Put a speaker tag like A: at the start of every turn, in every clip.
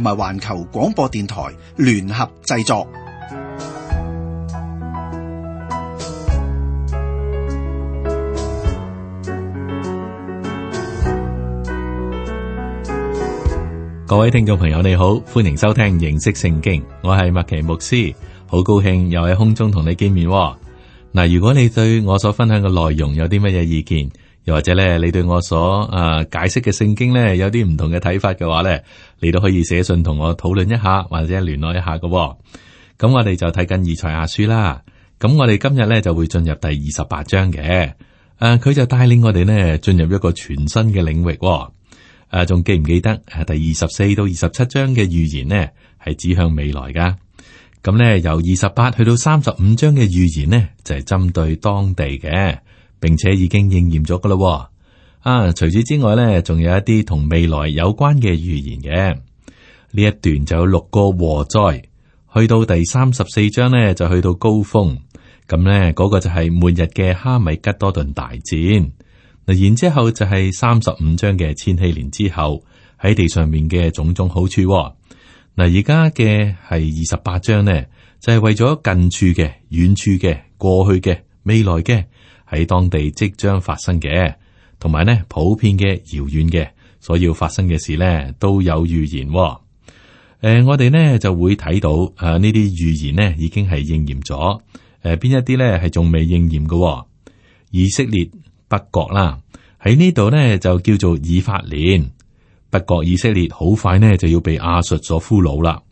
A: 同埋環球廣播電台聯合製作。各位聽眾朋友，你好，歡迎收聽形式聖經。我係麥奇牧師，好高興又喺空中同你見面。嗱，如果你對我所分享嘅內容有啲乜嘢意見，又或者咧，你對我所啊解釋嘅聖經咧，有啲唔同嘅睇法嘅話咧，你都可以寫信同我討論一下，或者聯絡一下嘅。咁我哋就睇緊以賽亞書啦。咁我哋今日咧就會進入第二十八章嘅。誒、啊，佢就帶領我哋呢進入一個全新嘅領域。誒、啊，仲記唔記得誒？第二十四到二十七章嘅預言呢？係指向未來噶。咁、啊、咧由二十八去到三十五章嘅預言呢，就係、是、針對當地嘅。並且已經應驗咗噶啦，啊！除此之外咧，仲有一啲同未來有關嘅預言嘅。呢一段就有六個禍災，去到第三十四章咧就去到高峰咁咧，嗰、那個就係末日嘅哈米吉多頓大戰嗱。然之後就係三十五章嘅千禧年之後喺地上面嘅種種好處嗱、哦。而家嘅係二十八章呢，就係、是、為咗近處嘅、遠處嘅、過去嘅、未來嘅。喺當地即將發生嘅，同埋呢普遍嘅遙遠嘅，所要發生嘅事，哦呃，呢，都有預言。誒，我哋呢就會睇到啊呢啲預言呢已經係應驗咗。誒、呃，邊一啲呢係仲未應驗嘅，哦？以色列北國啦，喺呢度呢就叫做以法蓮。北國以色列好快呢就要被亞述所俘虜啦。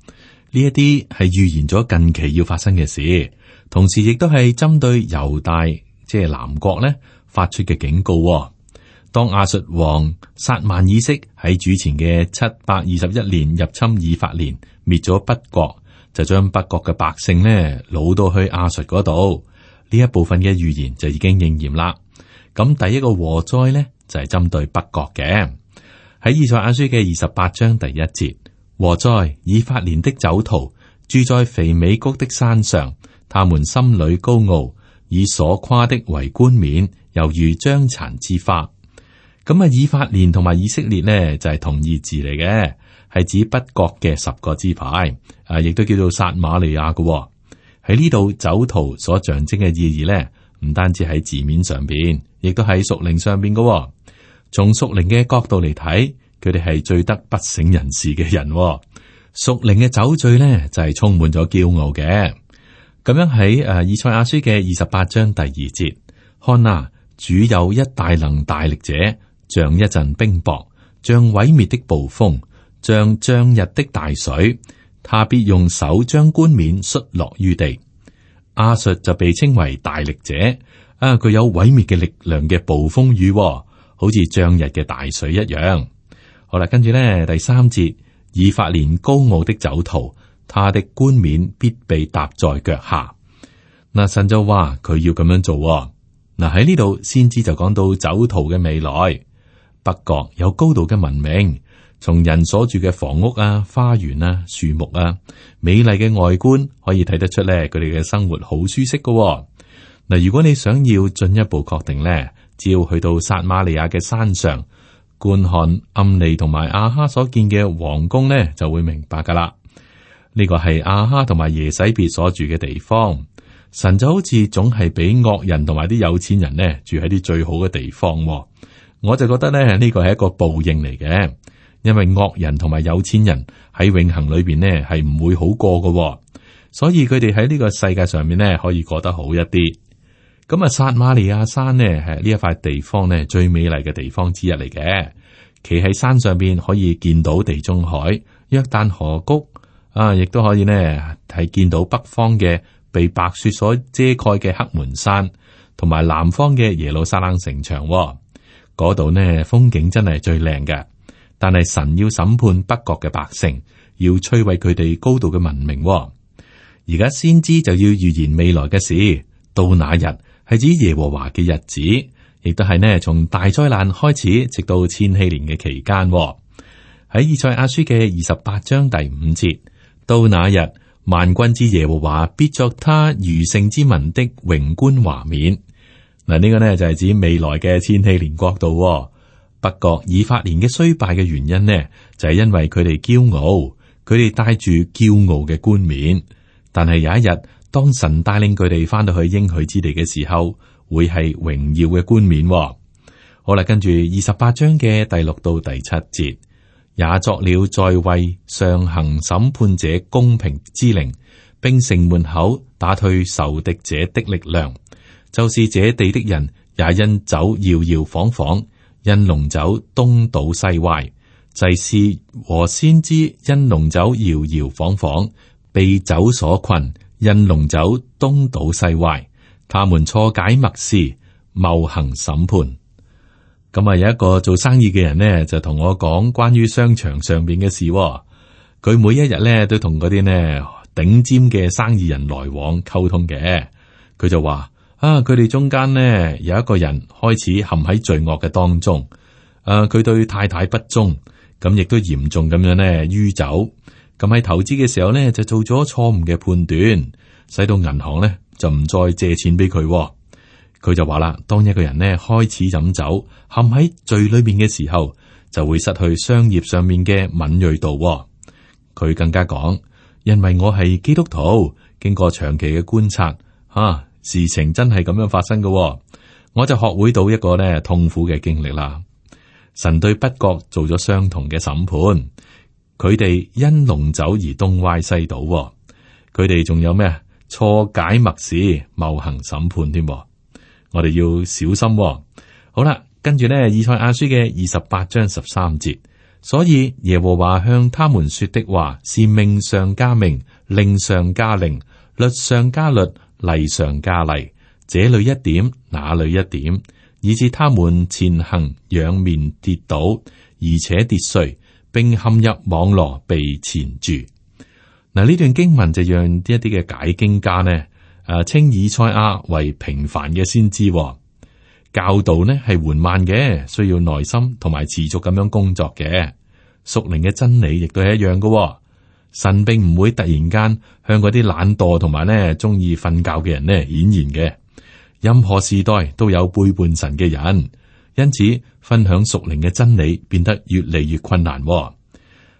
A: 呢一啲係預言咗近期要發生嘅事，同時亦都係針對猶大。即係南國咧發出嘅警告。當亞述王撒縵以色喺主前嘅七百二十一年入侵以法蓮，滅咗北國，就將北國嘅百姓呢擄到去亞述嗰度。呢一部分嘅預言就已經應驗啦。咁第一個禍災呢，就係針對北國嘅。喺以賽亞書嘅二十八章第一節，禍哉以法蓮的酒徒住在肥美谷的山上，他們心裏高傲。以所誇的為冠冕，猶如將殘之花。咁啊，以法蓮同埋以色列呢，就係、是、同義字嚟嘅，係指北國嘅十個支派，啊，亦都叫做撒瑪利亞嘅、哦。喺呢度酒徒所象徵嘅意義呢，唔單止喺字面上邊，亦都喺屬靈上邊嘅、哦。從屬靈嘅角度嚟睇，佢哋係醉得不省人事嘅人、哦。屬靈嘅酒醉呢，就係、是、充滿咗驕傲嘅。咁樣喺誒以賽亞書嘅二十八章第二節，看啊，主有一大能大力者，像一陣冰雹，像毀滅的暴風，像漲溢的大水，他必用手將冠冕摔落於地。亞述就被稱為大力者啊，具有毀滅嘅力量嘅暴風雨，好似漲溢嘅大水一樣。好啦，跟住咧第三節，以法蓮高傲的酒徒。他的冠冕必被踏在腳下。那神就話佢要咁樣做。嗱，喺呢度先知就講到，酒徒嘅未來北國有高度嘅文明，從人所住嘅房屋啊、花園啊、樹木啊美麗嘅外觀可以睇得出咧。佢哋嘅生活好舒適噶。嗱，如果你想要進一步確定咧，只要去到撒瑪利亞嘅山上觀看暗利同埋阿哈所建嘅王宮咧，就會明白噶啦。呢個係阿哈同埋耶洗別所住嘅地方，神就好似總係俾惡人同埋啲有錢人咧住喺啲最好嘅地方。我就覺得咧，呢個係一個報應嚟嘅，因為惡人同埋有錢人喺永恒裏邊咧係唔會好過噶，所以佢哋喺呢個世界上面咧可以過得好一啲。咁啊，撒瑪利亞山呢係呢一塊地方咧最美麗嘅地方之一嚟嘅，企喺山上邊可以見到地中海約旦河谷。啊！亦都可以咧，係見到北方嘅被白雪所遮蓋嘅黑門山，同埋南方嘅耶路撒冷城牆、哦。嗰度呢風景真係最靚嘅。但係神要審判北國嘅百姓，要摧毀佢哋高度嘅文明、哦。而家先知就要預言未來嘅事。到那日係指耶和華嘅日子，亦都係呢從大災難開始，直到千禧年嘅期間、哦。喺以賽亞書嘅二十八章第五節。到那日，萬軍之耶和華必作他餘剩之民的榮冠華冕。嗱，呢個呢就係、是、指未來嘅千禧年國度、哦。不過以法蓮嘅衰敗嘅原因呢，就係、是、因為佢哋驕傲，佢哋帶住驕傲嘅冠冕。但係有一日，當神帶領佢哋返到去應許之地嘅時候，會係榮耀嘅冠冕。好啦，跟住二十八章嘅第六到第七節。也作了在位上行審判者公平之靈，並城門口打退仇敵者的力量。就是這地的人也因酒搖搖晃晃，因濃酒東倒西歪。祭司和先知因濃酒搖搖晃晃，被酒所困，因濃酒東倒西歪，他們錯解默示，謬行審判。咁啊，有一個做生意嘅人咧，就同我講關於商場上邊嘅事喎。佢每一日咧都同嗰啲呢頂尖嘅生意人來往溝通嘅。佢就話啊，佢哋中間呢，有一個人開始陷喺罪惡嘅當中。啊，佢對太太不忠，咁亦都嚴重咁樣咧酗酒。咁喺投資嘅時候咧就做咗錯誤嘅判斷，使到銀行咧就唔再借錢俾佢喎。佢就話啦，當一個人呢，開始飲酒，陷喺醉裏面嘅時候，就會失去商業上面嘅敏銳度、哦。佢更加講，因為我係基督徒，經過長期嘅觀察，吓、啊、事情真係咁樣發生嘅、哦，我就學會到一個呢痛苦嘅經歷啦。神對北國做咗相同嘅審判，佢哋因濃酒而東歪西倒、哦，佢哋仲有咩錯解默示，謬行審判添。我哋要小心、哦。好啦，跟住呢，以賽亞書嘅二十八章十三節，所以耶和華向他們說的話是命上加命，令上加令，律上加律，例上加例，這裏一點，那裏一點，以致他們前行仰面跌倒，而且跌碎，並陷入網羅被纏住。嗱，呢段經文就讓一啲嘅解經家呢。啊，稱以賽亞為平凡嘅先知，哦，教導呢係緩慢嘅，需要耐心同埋持續咁樣工作嘅。屬靈嘅真理亦都係一樣嘅，哦。神並唔會突然間向嗰啲懶惰同埋呢鍾意瞓覺嘅人呢顯現嘅。任何時代都有背叛神嘅人，因此分享屬靈嘅真理變得越嚟越困難，哦。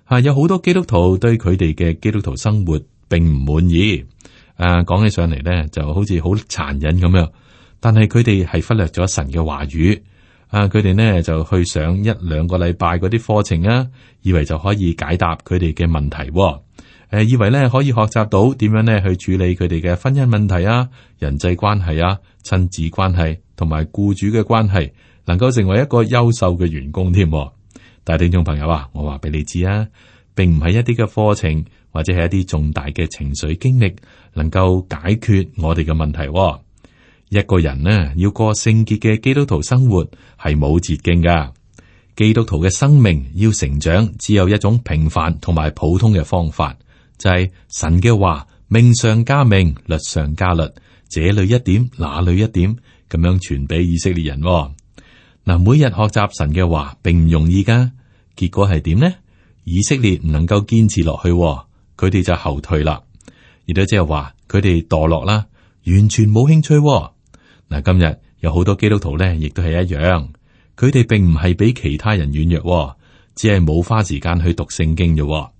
A: 啊，有好多基督徒對佢哋嘅基督徒生活並唔滿意。誒，講、啊、起上嚟咧，就好似好殘忍咁樣。但係佢哋係忽略咗神嘅話語。啊，佢哋呢就去上一兩個禮拜嗰啲課程啊，以為就可以解答佢哋嘅問題、啊。誒、啊，以為咧可以學習到點樣咧去處理佢哋嘅婚姻問題啊、人際關係啊、親子關係同埋僱主嘅關係，能夠成為一個優秀嘅員工添、啊。但係聽眾朋友啊，我話俾你知啊，並唔係一啲嘅課程。或者係一啲重大嘅情緒經歷，能夠解決我哋嘅問題喎。一個人呢，要過聖潔嘅基督徒生活係冇捷徑噶。基督徒嘅生命要成長，只有一種平凡同埋普通嘅方法，就係神嘅話命上加命，律上加律，這裏一點，那裏一點，咁樣傳俾以色列人喎。嗱，每日學習神嘅話並唔容易噶，結果係點呢？以色列唔能夠堅持落去喎。佢哋就後退啦，亦都即係話佢哋墮落啦，完全冇興趣，哦。嗱，今日有好多基督徒咧，亦都係一樣，佢哋並唔係比其他人軟弱，哦，只係冇花時間去讀聖經啫。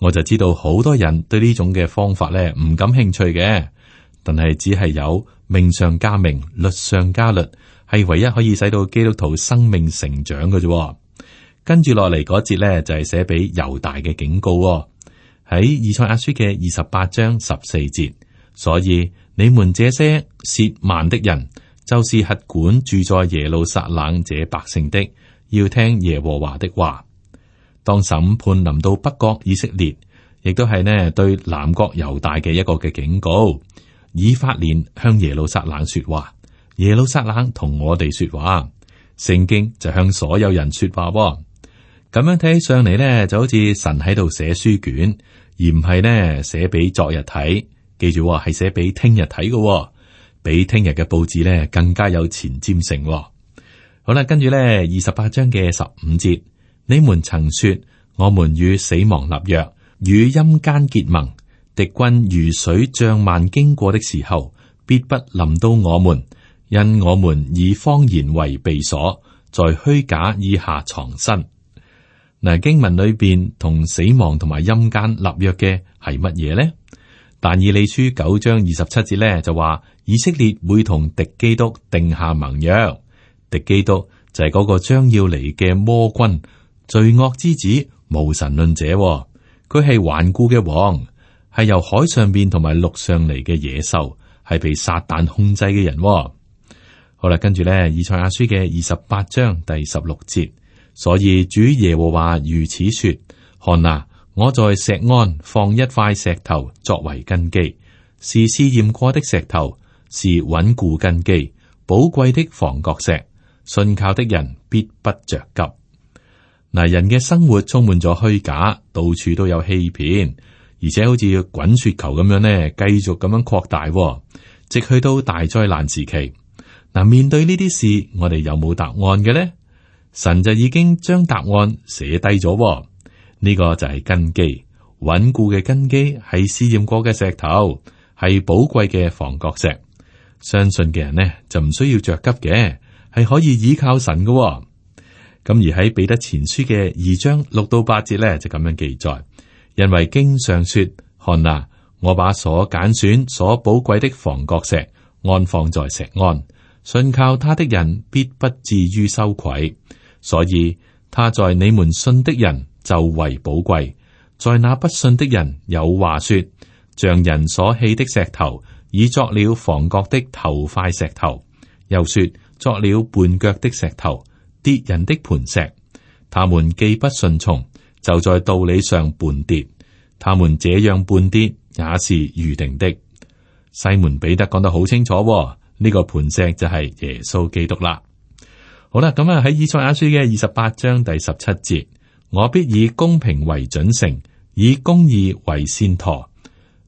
A: 我就知道好多人對呢種嘅方法咧唔感興趣嘅，但係只係有命上加命，律上加律，係唯一可以使到基督徒生命成長嘅啫。跟住落嚟嗰節咧，就係寫俾猶大嘅警告，哦。喺以賽亞書嘅二十八章十四節，所以你們這些褻慢的人，就是轄管住在耶路撒冷這百姓的，要聽耶和華的話。當審判臨到北國以色列，亦都係呢對南國猶大嘅一個嘅警告。以法蓮向耶路撒冷說話，耶路撒冷同我哋說話，聖經就向所有人說話喎。咁樣睇上嚟咧，就好似神喺度寫書卷，而唔係呢，寫俾昨日睇。記住係寫俾聽日睇嘅，比聽日嘅報紙咧更加有前瞻性。好啦，跟住咧二十八章嘅十五節，你們曾說我們與死亡立約，與陰間結盟，敵軍如水漲漫經過的時候，必不臨到我們，因我們以謊言為避所，在虛假以下藏身。嗱，經文裏邊同死亡同埋陰間立約嘅係乜嘢呢？但以理書九章二十七節咧就話，以色列會同敵基督定下盟約。敵基督就係嗰個將要嚟嘅魔君，罪惡之子，無神論者，哦。佢係頑固嘅王，係由海上邊同埋陸上嚟嘅野獸，係被撒旦控制嘅人，哦。好啦，跟住咧，以賽亞書嘅二十八章第十六節。所以主耶和華如此說：看呐，我在錫安放一塊石頭作為根基，是試驗過的石頭，是穩固根基，寶貴的房角石。信靠的人必不着急。嗱，人嘅生活充滿咗虛假，到處都有欺騙，而且好似滾雪球咁樣呢，繼續咁樣擴大，直去到大災難時期。嗱，面對呢啲事，我哋有冇答案嘅呢？神就已經將答案寫低咗、哦，呢、這個就係根基穩固嘅根基，係試驗過嘅石頭，係寶貴嘅房角石。相信嘅人呢就唔需要着急嘅，係可以依靠神嘅、哦。咁而喺彼得前書嘅二章六到八節呢就咁樣記載，因為經上說：，看哪，我把所揀選、所寶貴的房角石安放在錫安，信靠他的人必不至於羞愧。所以他在你們信的人就為寶貴，在那不信的人有話說，像人所棄的石頭，已作了房角的頭塊石頭，又說作了絆腳的石頭，跌人的磐石。他們既不順從，就在道理上絆跌。他們這樣絆跌也是預定的。西門彼得講得好清楚，呢個磐石就係耶穌基督啦。好啦，咁啊喺以賽亞書嘅二十八章第十七節，我必以公平為準繩，以公義為線鉈，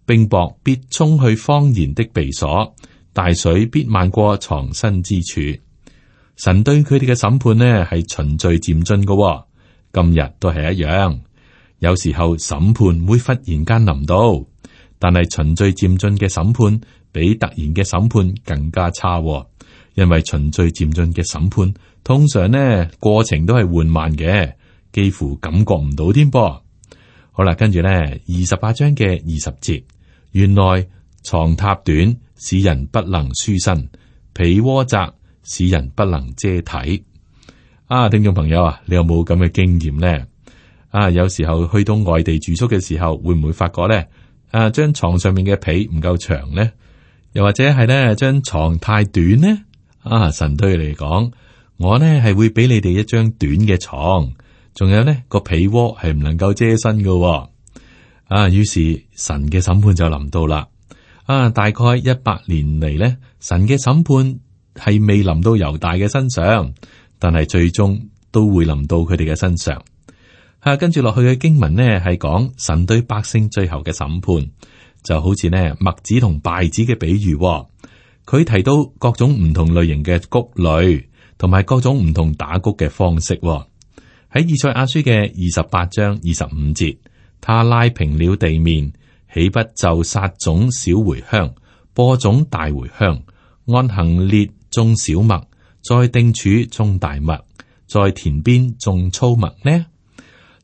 A: 冰雹必沖去謊言的避所，大水必漫過藏身之處。神對佢哋嘅審判呢係循序漸進嘅，今日都係一樣。有時候審判會忽然間臨到，但係循序漸進嘅審判比突然嘅審判更加差，哦，因為循序漸進嘅審判。通常呢過程都係緩慢嘅，幾乎感覺唔到添噃。好啦，跟住呢二十八章嘅二十節，原來床榻短，使人不能舒身；被窩窄，使人不能遮體。啊，聽眾朋友啊，你有冇咁嘅經驗呢？啊，有時候去到外地住宿嘅時候，會唔會發覺呢？啊，張床上面嘅被唔夠長呢？又或者係呢，張床太短呢？啊，神對嚟講。我呢係會俾你哋一張短嘅床，仲有呢個被窩係唔能夠遮身噶、哦。啊，於是神嘅審判就臨到啦。啊，大概一百年嚟呢，神嘅審判係未臨到猶大嘅身上，但係最終都會臨到佢哋嘅身上。吓、啊，跟住落去嘅經文呢係講神對百姓最後嘅審判，就好似呢麥子同敗子嘅比喻、哦。佢提到各種唔同類型嘅穀類。同埋各種唔同打穀嘅方式喎、哦，喺以賽亞書嘅二十八章二十五節，他拉平了地面，豈不就撒種小茴香、播種大茴香、按行列種小麥、再定處種大麥、再田邊種粗麥呢？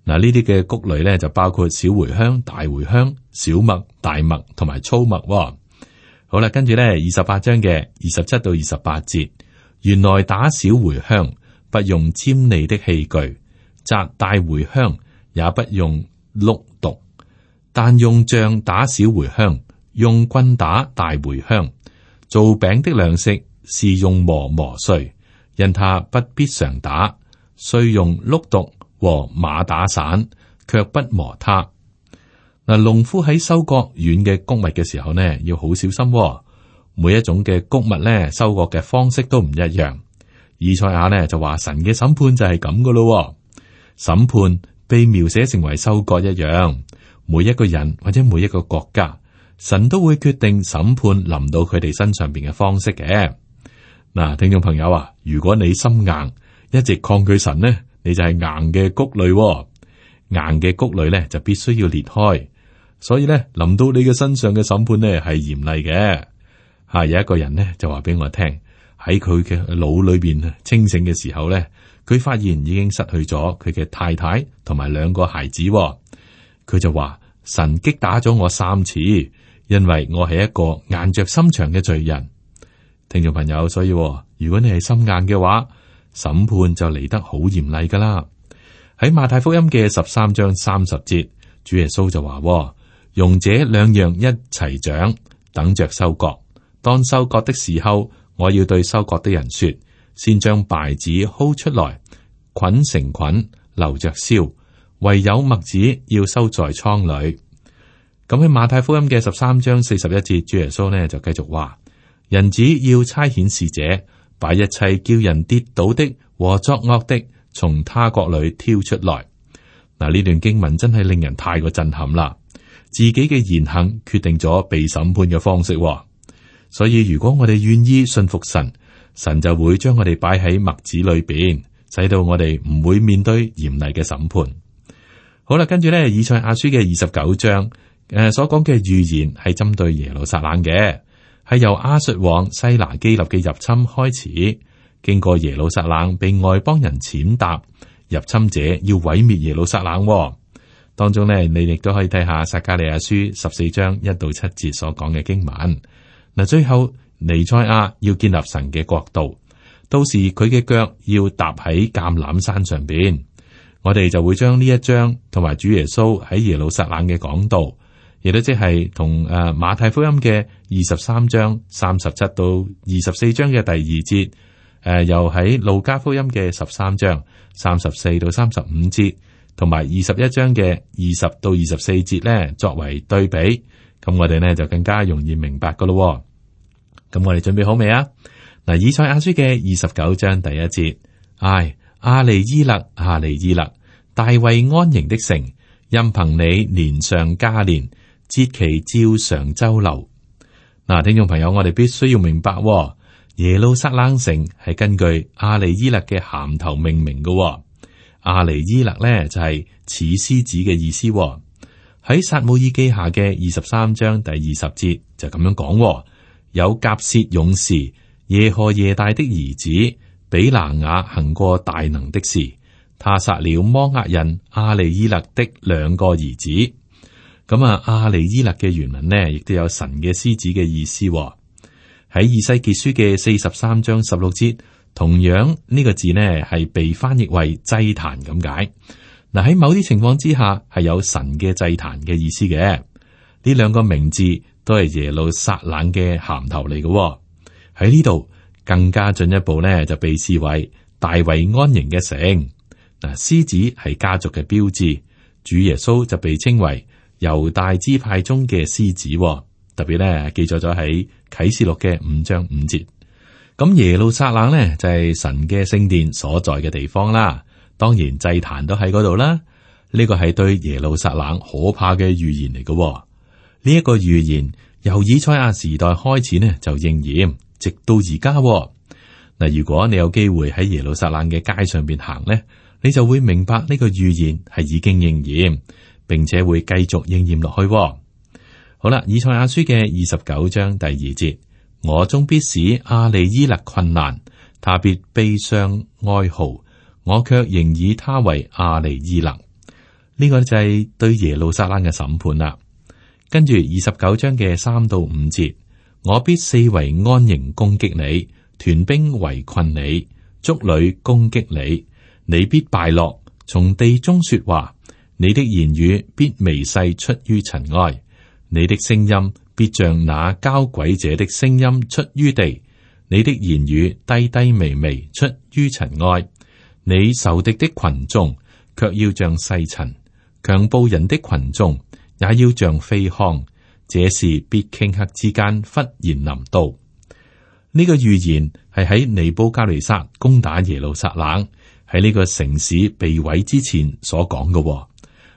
A: 嗱、啊，呢啲嘅穀類咧就包括小茴香、大茴香、小麥、大麥同埋粗麥、哦。好啦，跟住咧二十八章嘅二十七到二十八節。原來打小茴香不用尖利的器具，摘大茴香也不用碌碡。但用杖打小茴香，用棍打大茴香。做餅的糧食是用磨磨碎，因它不必常打，雖用碌碡和馬打散，卻不磨它。嗱，農夫喺收割遠嘅穀物嘅時候呢，要好小心哦。每一種嘅穀物咧，收穫嘅方式都唔一樣。以賽亞咧就話神嘅審判就係咁嘅咯。審判被描寫成為收割一樣，每一個人或者每一個國家，神都會決定審判臨到佢哋身上邊嘅方式嘅。嗱、啊，聽眾朋友啊，如果你心硬，一直抗拒神呢，你就係硬嘅穀類，哦，硬嘅穀類咧就必須要裂開。所以咧，臨到你嘅身上嘅審判呢，係嚴厲嘅。吓，有一個人呢，就話俾我聽，喺佢嘅腦裏邊清醒嘅時候呢，佢發現已經失去咗佢嘅太太同埋兩個孩子。佢就話，神擊打咗我三次，因為我係一個硬着心腸嘅罪人。聽眾朋友，所以如果你係心硬嘅話，審判就嚟得好嚴厲噶啦。喺馬太福音嘅十三章三十節，主耶穌就話，容這兩樣一齊長，等着收割。當收割的時候，我要對收割的人說：先將稗子薅出來，捆成捆留着燒；唯有麥子要收在倉裏。咁喺馬太福音嘅十三章四十一節，主耶穌呢就繼續話：人子要差遣使者，把一切叫人跌倒的和作惡的從他國裏挑出來。嗱，呢段經文真係令人太過震撼啦！自己嘅言行決定咗被審判嘅方式。所以如果我哋願意信服神，神就會將我哋擺喺麥子裏邊，使到我哋唔會面對嚴厲嘅審判。好啦，跟住呢，以賽亞書嘅二十九章，誒、呃、所講嘅預言係針對耶路撒冷嘅，係由亞述王西拿基立嘅入侵開始，經過耶路撒冷被外邦人踐踏，入侵者要毀滅耶路撒冷、哦。當中呢，你亦都可以睇下撒迦利亞書十四章一到七節所講嘅經文。嗱，最後彌賽亞要建立神嘅國度，到時佢嘅腳要踏喺橄欖山上邊，我哋就會將呢一章同埋主耶穌喺耶路撒冷嘅講道，亦都即係同誒馬太福音嘅二十三章三十七到二十四章嘅第二節，誒、啊、又喺路加福音嘅十三章三十四到三十五節，同埋二十一章嘅二十到二十四節呢作為對比。咁我哋呢就更加容易明白噶咯。咁我哋準備好未啊？嗱，以賽亞書嘅二十九章第一節，唉、哎，阿利伊勒，阿利伊勒，大衛安營的城，任憑你年上加年，節期照常周流。嗱、啊，聽眾朋友，我哋必須要明白、哦、耶路撒冷城係根據阿利伊勒嘅銜頭命名噶、哦。阿利伊勒呢就係似獅子嘅意思、哦。喺撒母耳記下嘅二十三章第二十節就咁樣講：有甲舌勇士耶何耶大的兒子比拿雅行過大能的事，他殺了摩押人亞利伊勒的兩個兒子。咁啊，亞利伊勒嘅原文呢，亦都有神嘅獅子嘅意思哦。喺以西結書嘅四十三章十六節，同樣呢個字呢，係被翻譯為祭壇咁解。嗱，喺某啲情況之下，係有神嘅祭壇嘅意思嘅。呢兩個名字都係耶路撒冷嘅銜頭嚟嘅。喺呢度更加進一步咧，就被視為大衛安營嘅城。嗱，獅子係家族嘅標誌，主耶穌就被稱為猶大支派中嘅獅子。特別咧，記載咗喺啟示錄嘅五章五節。咁耶路撒冷咧就係神嘅聖殿所在嘅地方啦。當然，祭壇都喺嗰度啦。呢個係對耶路撒冷可怕嘅預言嚟嘅，哦。呢、這、一個預言由以賽亞時代開始呢就應驗，直到而家。嗱，如果你有機會喺耶路撒冷嘅街上邊行呢，你就會明白呢個預言係已經應驗，並且會繼續應驗落去，哦。好啦，以賽亞書嘅二十九章第二節，我終必使阿利伊勒困難，特別悲傷哀嚎。我卻仍以他為亞尼伊能，呢個就係對耶路撒冷嘅審判啦。跟住二十九章嘅三到五節，我必四圍安營攻擊你，團兵圍困你，族女攻擊你，你必敗落。從地中說話，你的言語必微細出於塵埃，你的聲音必像那交鬼者的聲音出於地，你的言語低低微微出於塵埃。你仇敵的群眾卻要像細塵，強暴人的群眾也要像飛糠。這事必頃刻之間忽然臨到。呢、這個預言係喺尼布甲尼撒攻打耶路撒冷喺呢個城市被毀之前所講嘅，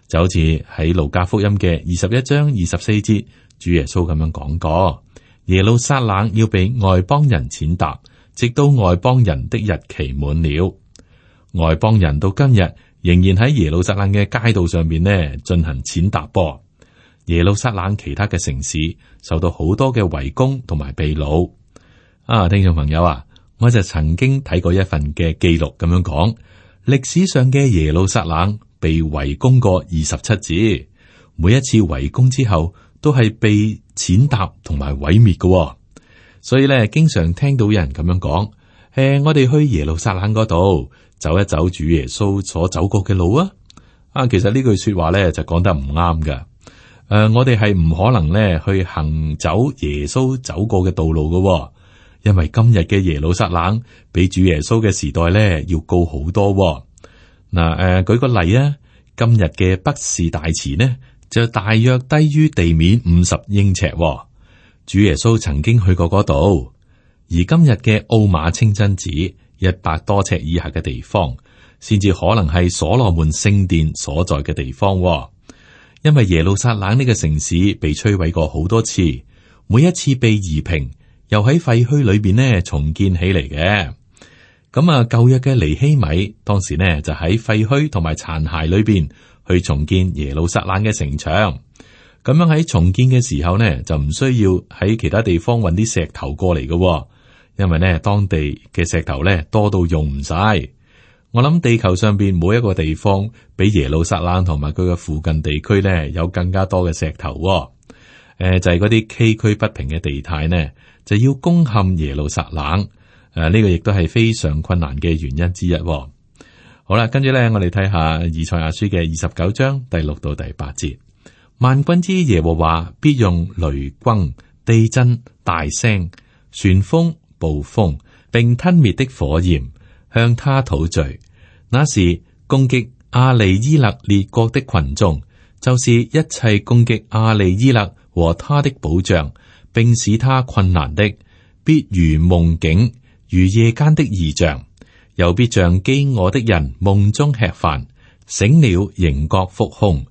A: 就好似喺路加福音嘅二十一章二十四節，主耶穌咁樣講過：耶路撒冷要被外邦人踐踏，直到外邦人的日期滿了。外邦人到今日仍然喺耶路撒冷嘅街道上面呢進行踐踏噃。耶路撒冷其他嘅城市受到好多嘅圍攻同埋被擄啊。聽眾朋友啊，我就曾經睇過一份嘅記錄，咁樣講歷史上嘅耶路撒冷被圍攻過二十七次，每一次圍攻之後都係被踐踏同埋毀滅嘅，所以咧，經常聽到有人咁樣講：誒、欸，我哋去耶路撒冷嗰度。走一走主耶穌所走過嘅路啊！啊，其實呢句說話咧就講得唔啱噶。誒、呃，我哋係唔可能咧去行走耶穌走過嘅道路噶、哦，因為今日嘅耶路撒冷比主耶穌嘅時代咧要高好多、哦。嗱，誒，舉個例啊，今日嘅畢士大池呢就大約低於地面五十英尺、哦。主耶穌曾經去過嗰度，而今日嘅奧馬清真寺，一百多尺以下嘅地方，先至可能係所羅門聖殿所在嘅地方。因為耶路撒冷呢個城市被摧毀過好多次，每一次被夷平，又喺廢墟裏邊呢重建起嚟嘅。咁啊，舊日嘅尼希米當時呢就喺廢墟同埋殘骸裏邊去重建耶路撒冷嘅城牆。咁樣喺重建嘅時候呢，就唔需要喺其他地方揾啲石頭過嚟嘅。因為咧，當地嘅石頭咧多到用唔晒。我諗地球上邊每一個地方，比耶路撒冷同埋佢嘅附近地區咧有更加多嘅石頭、哦。誒、呃，就係嗰啲崎嶇不平嘅地態呢就要攻陷耶路撒冷。誒、呃，呢、這個亦都係非常困難嘅原因之一、哦。好啦，跟住呢，我哋睇下以賽亞書嘅二十九章第六到第八節：萬軍之耶和華必用雷轟、地震、大聲、旋風。暴風並吞滅的火焰，向他討罪。那時攻擊亞利伊勒列國的群眾，就是一切攻擊亞利伊勒和他的保障，並使他困難的，必如夢境，如夜間的異象，又必像飢餓的人夢中吃飯，醒了仍覺腹空；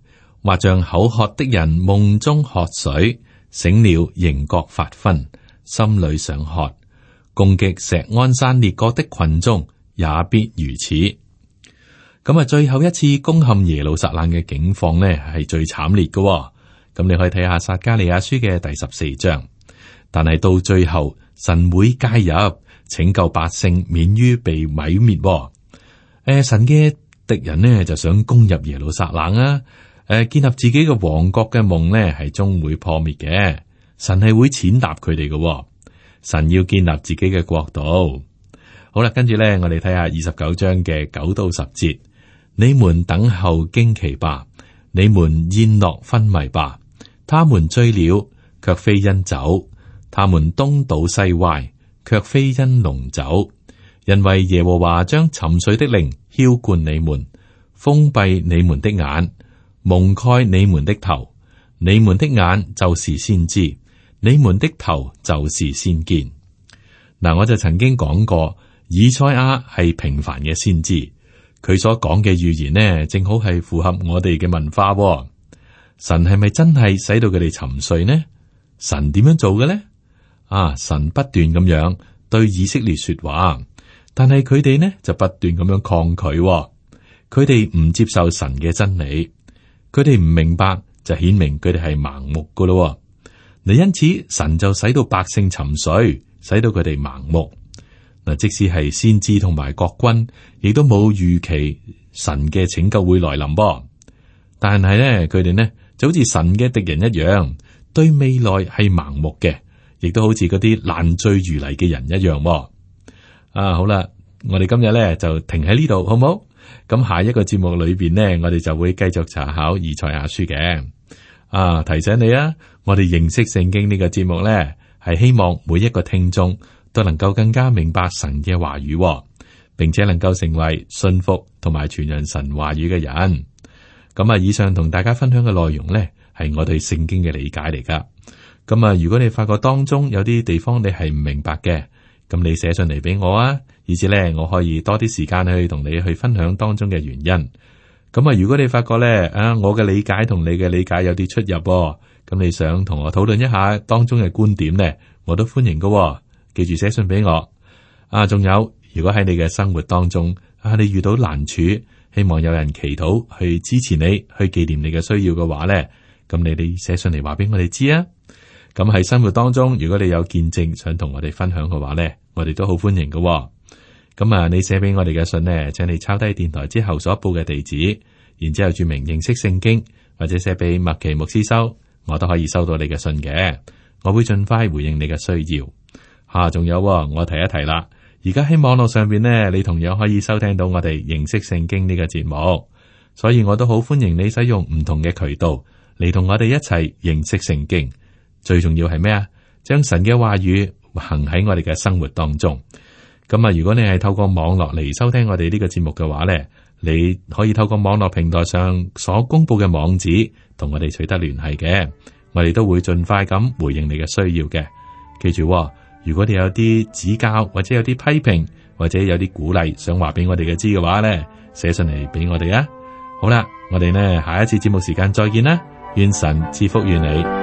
A: 或像口渴的人夢中喝水，醒了仍覺發昏，心裏想喝。攻擊錫安山列國的群眾也必如此。咁啊，最後一次攻陷耶路撒冷嘅境況呢，係最慘烈嘅、哦。咁你可以睇下撒迦利亞書嘅第十四章。但係到最後，神會介入拯救百姓，免於被毀滅、哦。誒、呃，神嘅敵人呢，就想攻入耶路撒冷啊！誒、呃，建立自己嘅王國嘅夢呢，係終會破滅嘅。神係會踐踏佢哋嘅。神要建立自己嘅國度，好啦，跟住咧，我哋睇下二十九章嘅九到十節。你們等候驚奇吧，你們宴樂昏迷吧。他們醉了，卻非因酒；他們東倒西歪，卻非因濃酒。因為耶和華將沉睡的靈澆灌你們，封閉你們的眼，蒙蓋你們的頭。你們的眼就是先知。你們的頭就是先見，嗱，我就曾經講過，以賽亞係平凡嘅先知，佢所講嘅語言呢，正好係符合我哋嘅文化。神係咪真係使到佢哋沉睡呢？神點樣做嘅呢？啊，神不斷咁樣對以色列說話，但係佢哋呢就不斷咁樣抗拒，佢哋唔接受神嘅真理，佢哋唔明白，就顯明佢哋係盲目噶咯。嗱，因此神就使到百姓沉睡，使到佢哋盲目。嗱，即使係先知同埋國君，亦都冇預期神嘅拯救會來臨。噃，但係咧，佢哋咧就好似神嘅敵人一樣，對未來係盲目嘅，亦都好似嗰啲爛醉如泥嘅人一樣。啊，好啦，我哋今日咧就停喺呢度，好唔好？咁下一個節目裏邊咧，我哋就會繼續查考異才下書嘅。啊！提醒你啊，我哋認識聖經呢個節目呢，係希望每一個聽眾都能夠更加明白神嘅話語哦，並且能夠成為信服同埋傳人神話語嘅人。咁啊，以上同大家分享嘅內容呢，係我對聖經嘅理解嚟噶。咁啊，如果你發覺當中有啲地方你係唔明白嘅，咁你寫上嚟俾我啊，以致呢，我可以多啲時間去同你去分享當中嘅原因。咁啊，如果你發覺咧，啊，我嘅理解同你嘅理解有啲出入，哦，咁你想同我討論一下當中嘅觀點咧，我都歡迎噶，哦。記住寫信俾我。啊，仲有，如果喺你嘅生活當中，啊，你遇到難處，希望有人祈禱去支持你，去紀念你嘅需要嘅話咧，咁你哋寫信嚟話俾我哋知啊。咁，嗯，喺生活當中，如果你有見證想同我哋分享嘅話咧，我哋都好歡迎噶，哦。咁啊，你寫俾我哋嘅信呢，請你抄低電台之後所報嘅地址，然之後注明認識聖經，或者寫俾麥奇牧師收，我都可以收到你嘅信嘅。我會盡快回應你嘅需要。吓、啊，仲有、哦、我提一提啦，而家喺網絡上面呢，你同樣可以收聽到我哋認識聖經呢、呢個節目，所以我都好歡迎你使用唔同嘅渠道嚟同我哋一齊認識聖經。最重要係咩啊？將神嘅話語行喺我哋嘅生活當中。咁啊，如果你係透過網絡嚟收聽我哋呢個節目嘅話呢，你可以透過網絡平台上所公布嘅網址，同我哋取得聯繫嘅，我哋都會盡快咁回應你嘅需要嘅。記住喎，如果你有啲指教或者有啲批評或者有啲鼓勵想話俾我哋嘅知嘅話呢，寫上嚟俾我哋啊。好啦，我哋呢下一次節目時間再見啦，願神賜福於你。